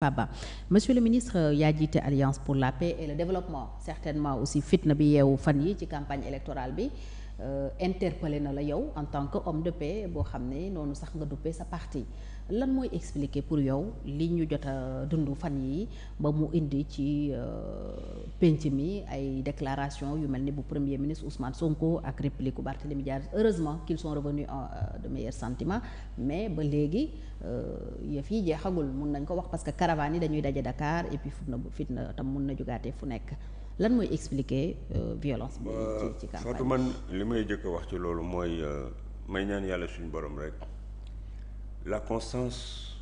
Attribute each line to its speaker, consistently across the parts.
Speaker 1: Paba monsieur le ministre euh, yaa jiite alliance pour la paix et le développement certainement aussi fitna bi yeewu fan yi ci campagne électorale bi euh, interpellé na la yow en tant que homme de paix
Speaker 2: boo xam ne noonu sax nga duppee sa parti lan mooy expliquer pour yow li ñu jot a dund fan yi ba mu indi ci euh, penc mi ay déclaration yu mel ni bu premier ministre Ousmane Sonko ak réplique bu Barthélémy Dias heureusement qu'ils sont revenus en euh, de meilleurs sentiments mais ba léegi euh, yëf yi jeexagul mun nañ ko wax parce que caravane yi dañuy daje Dakar et puis fitna fitna tam mun na jugaatee fu nekk lan mooy expliquer violence bi ci ci campagne Fatou li may jëkk wax ci loolu mooy may ñaan yàlla suñu borom rek la constance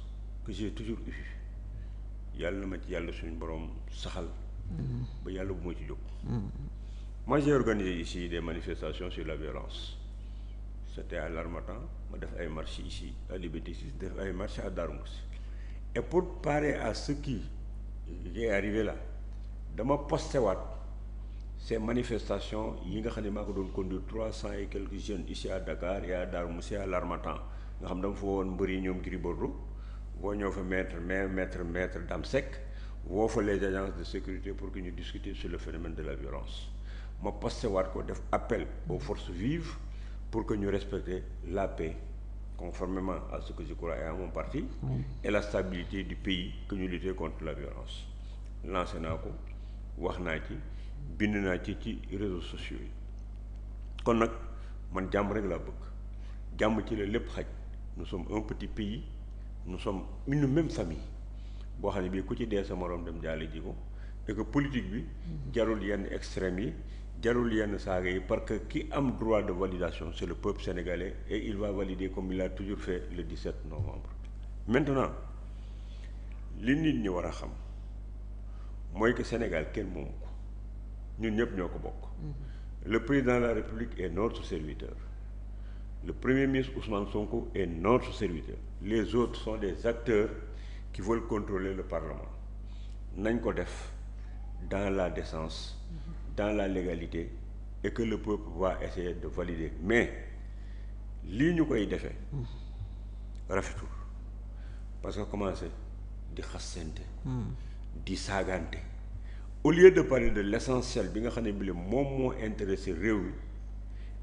Speaker 2: que j'ai toujours eue yàlla na ma ci yàlla suñu borom saxal. Mm-hmm. ba yàlla bu ma ci jóg. Mm-hmm. moi j'ai organisé ici des manifestations sur la violence c'était à l'Harmattan ma def ay marches ici à Liberté 6 def ay marché à Darou Moussi et pour parer à ce qui est arrivé là dama posté waat ces manifestations yi nga xam ne maa ko doon conduire trois cent et quelques jeunes ici à Dakar et à Darou Moussi nga xam dama fa woon mbër yi ñoom Gris Bordeaux woo ñoo fa maître mais maître maître Dame Seck woo fa les agences de sécurité pour que ñu discuter sur le phénomène de la violence ma posté waat ko def appel aux forces vives pour que ñu respecter la paix conformément à ce que je crois et à parti et la stabilité du pays que ñu lutter contre la violence lancé naa ko wax naa ci bind naa ci ci réseaux sociaux yi kon nag man jàmm rek laa bëgg jàmm ci la lépp xaj nous sommes un petit pays nous sommes une même famille boo xam ne bii ku ci dee sa moroom dem jaale ji ko et que politique bi jarul yenn extrêmes yi jarul yenn saaga yi parce que qui am droit de validation c'est le peuple sénégalais et il va valider comme il a toujours fait le 17 novembre maintenant li nit ñi war a xam mooy que Sénégal kenn moom ko ñun ñëpp ñoo ko bokk
Speaker 1: mm-hmm.
Speaker 2: le président de la République et notre serviteur le premier ministre Ousmane Sonko est notre serviteur les autres sont des acteurs qui veulent contrôler le parlement nañ ko def dans la décence dans la légalité et que le peuple va essayer de valider mais lii ñu koy defee rafetul parce que commencé di xasante di saagante au lieu de parler de l'essentiel bi nga xam ne bi moom moo intéressé réew mi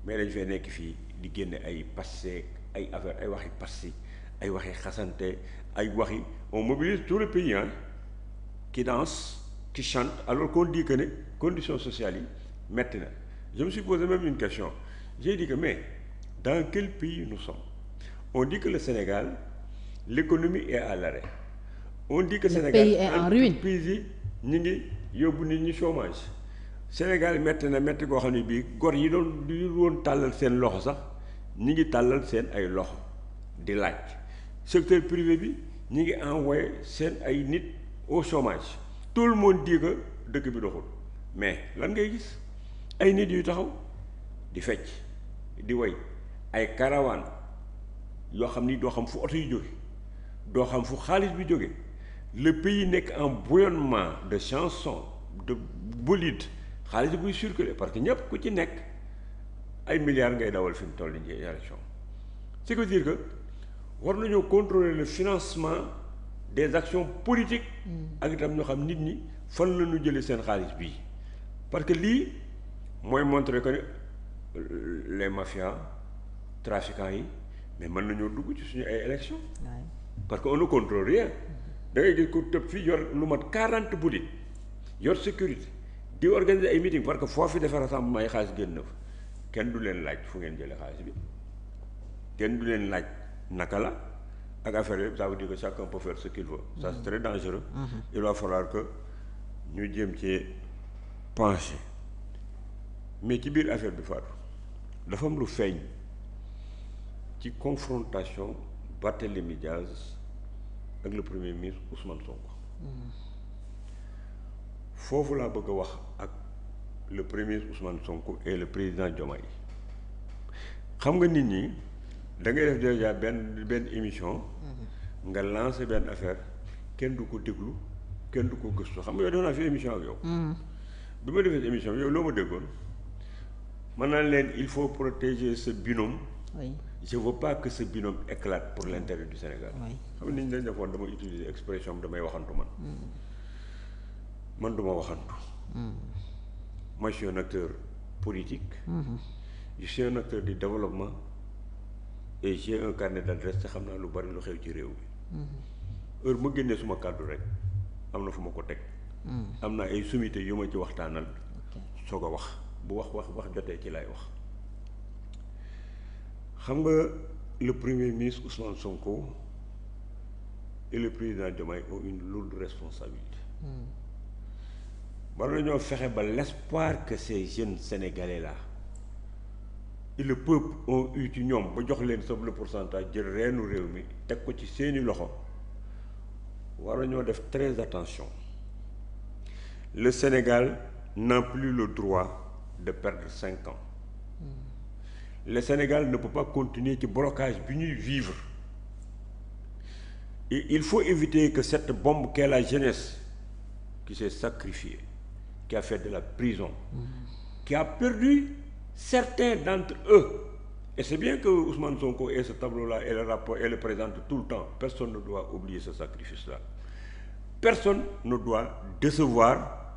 Speaker 2: mais dañ fee nekk fii di génne ay passé ay affaire ay waxi passé ay waxi xasante ay waxi on mobilise tour le pays hein qui danse chante alors qu'on dit ne conditions sociales yi metti na je me suis posé même une question j'ai dit que mais dans quel pays nous sommes on dit que Sénégal l'économie est à l'arrêt on dit que le Sénégal pays ruine pays yi ñu ngi yóbbu nit ñi chômage Sénégal metti na metti koo xam ne bii gor yi doon di woon tàllal seen loxo sax ñi ngi tàllal seen ay loxo di laaj secteur privé bi ñi ngi envoyé seen ay nit au chômage tout le monde dit que dëkk bi doxul mais lan ngay gis ay nit yu taxaw di fecc di woy ay karawaan yoo xam ni doo xam fu oto yi jóge doo xam fu xaalis bi jóge le pays nekk en bouillonnement de chansons de bolides xaalis buy circuler parce que ñëpp ku ci nekk ay milliards ngay dawal fi mu toll nii élection ce qui dire que war nañoo contrôler le financement des actions politiques ak itam ñoo xam nit ñi fan la ñu jëlee seen xaalis bii parce que lii mooy montrer que les mafias trafiquants yi mais mën nañoo dugg ci suñu ay élection parce que on ne contrôle rien da ngay gis tëb fii yor lu mat quarante boutique yor sécurité di organiser ay meeting parce que foofu defee rassemblement ay xaalis génn na kenn du leen laaj fu ngeen jëlee xaalis bi kenn du leen laaj naka la ak affaire yëpp ça veut dire que chacun peut faire ce qu'il veut c'est très dangereux mm-hmm. Mm-hmm. il va falloir que ñu jéem ci penché mais ci biir affaire bi faatu dafa am lu feeñ ci confrontation Barthélémy Diaz ak le premier ministre Ousmane Sonko mm-hmm. foofu laa bëgg a wax ak le premier Ousmane Sonko et le président Diomaye xam nga nit ñi da ngay def déjà benn benn émission. nga lancé benn affaire kenn du ko déglu kenn du ko gëstu xam nga yow def naa fi émission ak yow. Mm-hmm. bi ma defee émission bi yow loo ma déggoon mën naa leen il faut protéger ce binôme. oui je veux pas que ce binôme éclate pour l'intérêt du Sénégal. xam nga nit ñi dañ defoon dama utiliser expression damay waxantu man. Mm. man du ma waxantu. Mm. moi je suis un acteur politique mmh. je suis un acteur développement et j'ai un carnet d'adresse te xam naa lu bari lu xew ci réew mi mhm. heure ma génnee suma kàddu rek am na fu ma ko teg mhm. am naa ay sommité yu ma ci waxtaanal soog a wax bu wax wax wax jotee ci lay wax xam nga le premier ministre Ousmane Sonko et le président Diomaye ont une lourde responsabilité mhm. war nañoo fexe ba l'espoir que ces jeunes sénégalais la et le peuple ont eu ci ñoom ba jox leen soble pourcentage jël reenu réew mi teg ko ci seeni loxo war nañoo def très attention le Sénégal n'a plus le droit de perdre cinq ans le Sénégal ne peut pas continuer ci blocage bi ñuy vivre et il faut éviter que cette bombe qu'est la jeunesse qui s'est sacrifiée qui a fait de la prison, mmh. qui a perdu certains d'entre eux. Et c'est bien que Ousmane Sonko ait ce tableau-là et le rapport et le présente tout le temps. Personne ne doit oublier ce sacrifice-là. Personne ne doit décevoir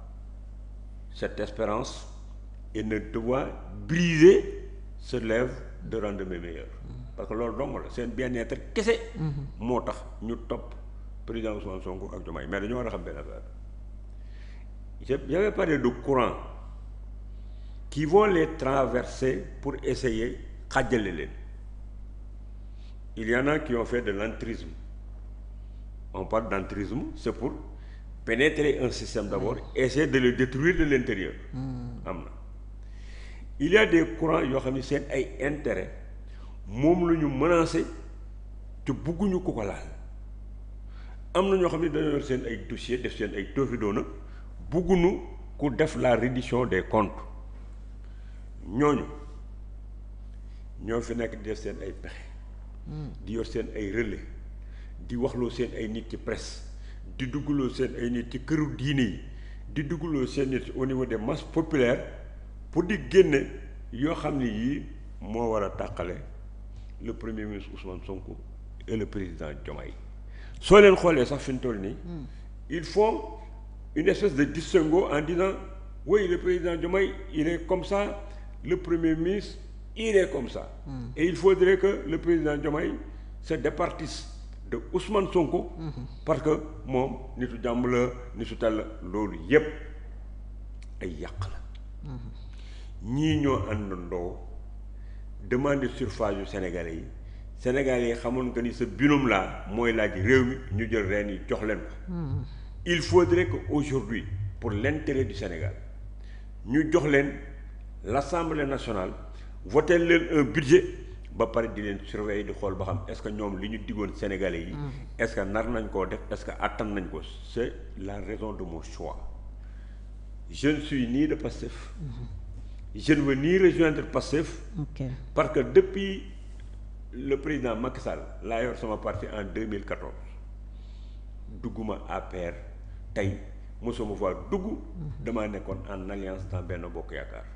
Speaker 2: cette espérance et ne doit briser ce rêve de rendre meilleur. parce que loolu dong la seen bien-être kese. Mhm. moo tax ñu topp président Ousmane Sonko ak Diomaye mais dañoo war a xam benn affaire. j'avais parlé de courant qui vont les traverser pour essayer xàjjale leen il y en a qui ont fait de l'entrisme on parle d'entrisme c'est pour pénétrer un système d'abord mm. essayer de le détruire de l'intérieur mm. am na il y a des courants yoo xam ne seen ay intérêt moom la ñu menacé te bëgguñu ku ko laal am na ñoo xam ne dañoo yor seen ay dossier def seen ay toofi buggunu ku def la reddition des comptes ñooñu ñoo fi nekk di def seen ay pexe di yor seen ay relais di waxloo seen ay nit ci presse di duggaloo seen ay nit ci këru diine yi di duggaloo seen nit au niveau des masses populaires pour di génne yoo xam ne yii moo war a tàqale le premier ministre Ousmane Sonko et le président yi soo leen xoolee sax fi ñu nii hmm. il faut une espèce de distinguo en disant oui le président Diomaye il est comme ça le premier ministre il est comme ça. Mm. et il faudrait que le président Diomaye se départisse de Ousmane Sonko. Mm parce que moom nitu jàmm la nitu su la loolu yépp ay yàq la. Hmm. ñii ñoo àndandoo demande surface yu Sénégalais yi Sénégalais yi xamoon que ni sa binôme laa mooy laaj réew mi ñu jël reen yi jox leen ko. Hmm. il faut faudrait qu'aujourd'hui pour l'intérêt du Sénégal ñu jox leen l'Assemblée nationale voter leen un budget ba pare di leen surveiller di xool ba xam est-ce que ñoom li ñu diggoon Sénégalais yi mm. est-ce que nar nañ koo def est-ce que attan nañ ko c'est la raison de mon choix je ne suis ni de Pastef
Speaker 1: mm-hmm.
Speaker 2: je ne veux ni rejoindre Pastef parce que depuis le président Macky Sall laa yor sama parti en 2014 dugguma APR tey mosuma faa dugg damaa nekkoon en alliance dans Benno Bokk Yaakaar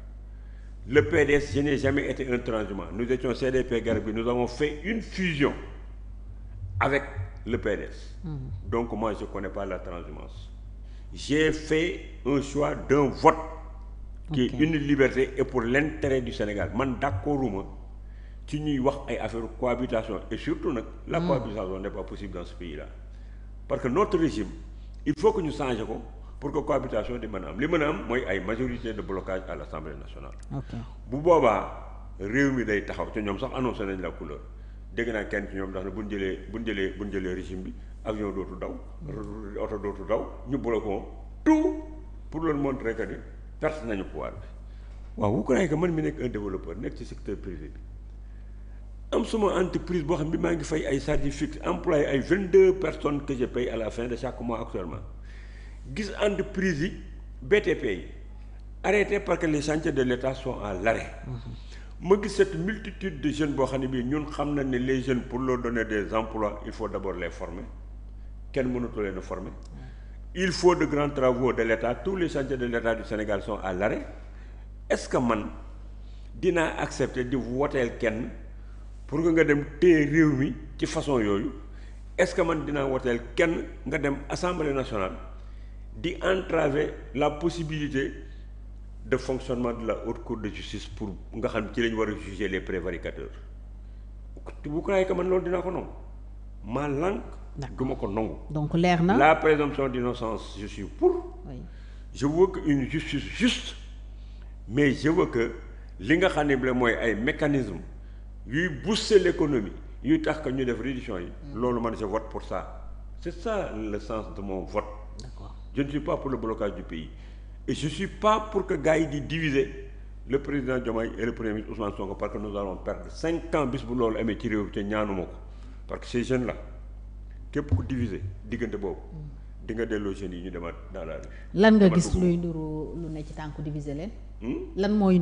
Speaker 2: le PDS je n'ai jamais été un transhumant nous étions CDP Garab Gui nous avons fait une fusion avec le PDS
Speaker 1: mm-hmm.
Speaker 2: donc moi je connais pas la fait un choix d'un vote qui une liberté et pour l'intérêt du Sénégal man d'accorduma ci ñuy wax ay affaire cohabitation et surtout nag la mm. cohabitation n'est pas possible dans ce pays-là parce que notre régime il faut que ñu changer ko pour que cohabitation di mën a am li mën a am mooy ay majorité de blocage à l' assemblée nationale. bu boobaa réew mi day taxaw te ñoom sax annoncé nañ la couleur dégg naa kenn ci ñoom ndax ne bu ñu jëlee bu ñu jëlee bu ñu jëlee régime bi avion dootu daw. oto dootu daw ñu bloquons tout pour leur montrer que ni perte nañu pouvoir bi. waaw wu ko nekk man mi nekk un développeur nekk ci secteur privé bi. am suma entreprise boo xam ne maa ngi fay ay charges fixes employé ay vingt deux personnes que je paye à la fin de chaque mois actuellement gis entreprise yi BTP yi arrêté parce que les chantiers de l'État sont à l'arrêt mm-hmm. ma gis cette multitude de jeune boo xam ne bii ñun xam na ne les jeunes pour leur donner des emplois il faut d'abord les former kenn mënatu leen a former mm-hmm. il faut de grands travaux de l'État tous les chantiers de l'État du Sénégal sont à l'arrêt est-ce que man dinaa accepter di woteel kenn pour que nga dem téye réew mi ci façon yooyu est-ce que man dinaa woteel kenn nga dem assemblée nationale di entraver la possibilité de fonctionnement de la haute cour de justice pour nga xam ci lañ war a juger les prévaricateurs vous croyez que man loolu dinaa ko nangu ma lank du ma ko nangu donc leer na la présomption d'innocence je suis pour oui. je veux que une justice juste mais je veux li nga xam ne bi la mooy ay mécanismes yuy booster l'économie yuy tax que ñu def réduction yi. loolu man je vote pour ça. c'est ça le sens de mon vote. d'accord je ne suis pas pour le blocage du pays. et je suis pas pour que gars yi di diviser le président Diomaye et le premier ministre Ousmane Sonko parce que nous allons perdre cinq ans bis bu loolu amee ci réew bi te ñaanuma ko parce que ces jeunes la képp ku diviser diggante boobu. Mm. di nga delloo jeunes yi ñu demaat dans la
Speaker 1: lan nga gis luy nduru lu